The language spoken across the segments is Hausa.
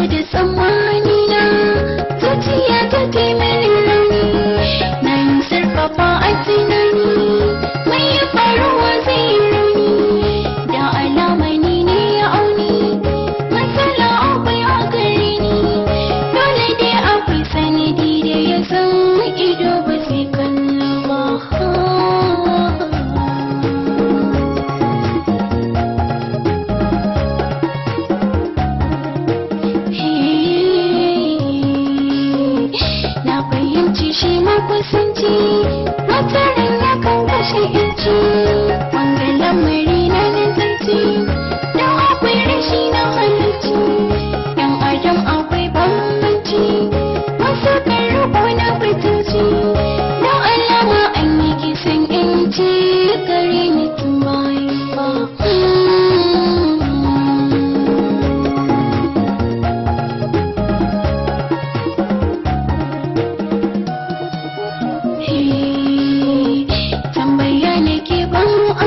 to da tsammani kusanci matarin ya kan kashe yanci wanga lamari na nazarci da akwai rashi na halittu yan adam akwai bambanci wasu kan na fitanci don alama an yi kisan yanci gare ni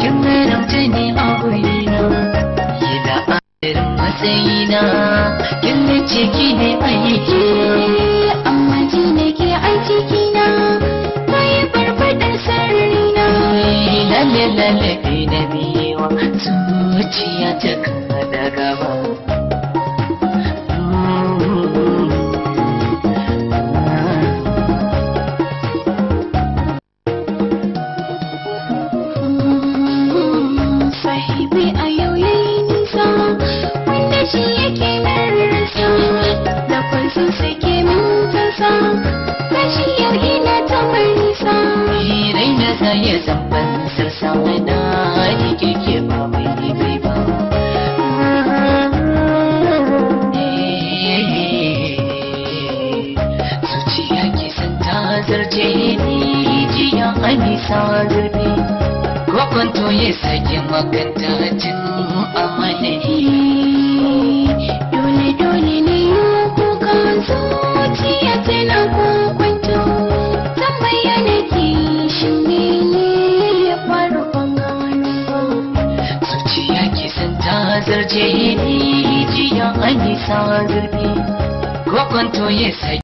kin rauta ne a wurina ki da adirin matsayina kin nace ki ne aiki amma ki ne ke aiki na mai farfadar sarrina lalle lalle kai biyewa zuciya ta kada gaba na zamban sassa wani jiki keke ba mai ibi ba zuciya ke ta zarce ni jiya anisa zurfi kwakwanto ya sake makanta cin amanani zarce hijiya a bisa zurfi kwakwanto ya